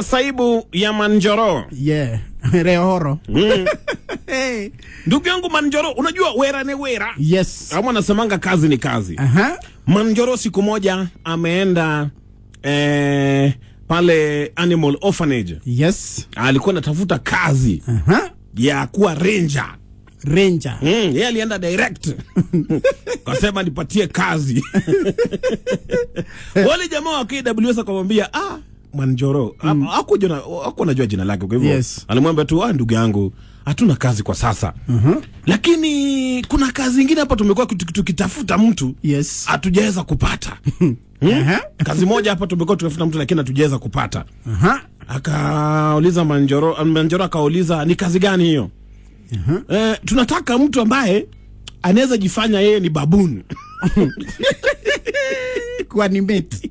masaibu ya Manjoro. Yeah. Rehoro. Mm. hey. Ndugu yangu Manjoro, unajua wera ni wera. Yes. Ama anasemanga kazi ni kazi. -huh. Manjoro siku moja ameenda eh, pale Animal Orphanage. Yes. Alikuwa anatafuta kazi. -huh. Ya kuwa ranger. Ranger. Mm, yeye alienda direct. Kasema nipatie kazi. Wale jamaa wa KWS akamwambia, "Ah, Manjoro mm. hakuwa najua jina lake, kwa hivyo yes. alimwambia tu ah, ndugu yangu hatuna kazi kwa sasa mm -hmm. lakini kuna kazi ingine hapa tumekuwa tukitafuta mtu yes. hatujaweza kupata mm? uh -huh. kazi moja hapa tumekuwa tukitafuta mtu lakini hatujaweza kupata uh -huh. akauliza Manjoro, Manjoro akauliza ni kazi gani hiyo? uh -huh. eh, tunataka mtu ambaye anaweza jifanya yeye ni babuni kwani meti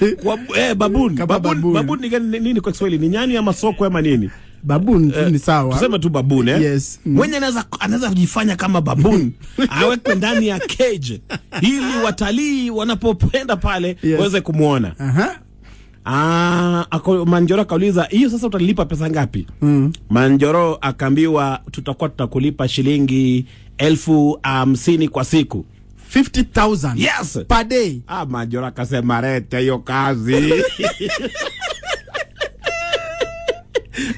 eh, babuni. Babuni, babuni nini kwa Kiswahili? Ni nyani ama sokwe ama nini? Babuni eh, ni sawa. Tuseme tu babuni eh? Yes. Mm. Mwenye anaweza anaweza kujifanya kama babuni awekwe ndani ya cage ili watalii wanapopenda pale yes, waweze kumuona. Aha. Ah, ako Manjoro akauliza hiyo sasa utalipa pesa ngapi? Mm. Manjoro akaambiwa tutakuwa tutakulipa shilingi elfu hamsini um, kwa siku. 50,000 yes. per day. Ah, Majora akasema lete hiyo kazi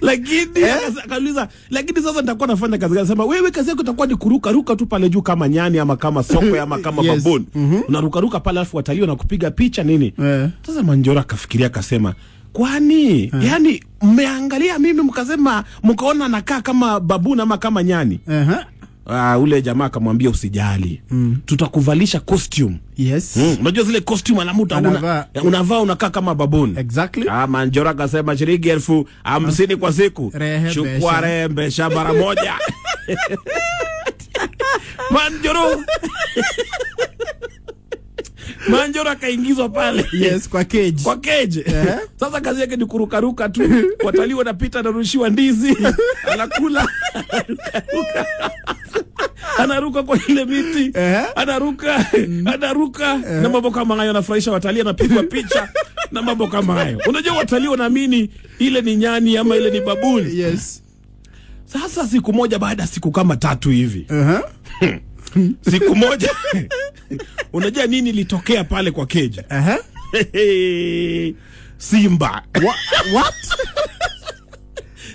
lakini eh? lakini sasa nitakuwa nafanya kazi gani? Sema wewe kazi yako itakuwa ni kuruka ruka tu pale juu kama nyani ama kama sokwe ama kama yes. babuni mm -hmm. unaruka ruka pale, alafu watalii wanakupiga picha nini eh. Sasa Manjora akafikiria akasema kwani eh. yani mmeangalia mimi mkasema mkaona nakaa kama babuni ama kama nyani eh. Uh, ule jamaa akamwambia usijali, mm. tutakuvalisha costume. Yes. Mm. Unajua zile costume alamuta unavaa unakaa kama babuni. Exactly. Ah, Manjora akasema shilingi elfu hamsini kwa siku. Chukua rembe mara moja. Manjoro Manjoro akaingizwa pale, yes, kwa cage, kwa cage. Uh eh? Sasa kazi yake ni kurukaruka tu, watalii wanapita, anarushiwa ndizi, anakula anaruka kwa ile miti uh anaruka mm. anaruka uh na mambo kama hayo, anafurahisha watalii, anapigwa picha na mambo kama hayo. Unajua watalii wanaamini ile ni nyani ama ile ni babuni yes. Sasa siku moja baada ya siku kama tatu hivi uh -huh. siku moja unajua nini litokea pale kwa keja uh -huh. Simba Wha what?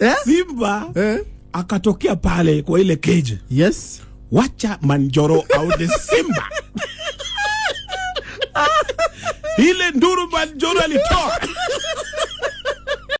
yeah? Simba yeah. akatokea pale kwa ile keja yes. Wacha Manjoro the Simba ile nduru Manjoro alitoa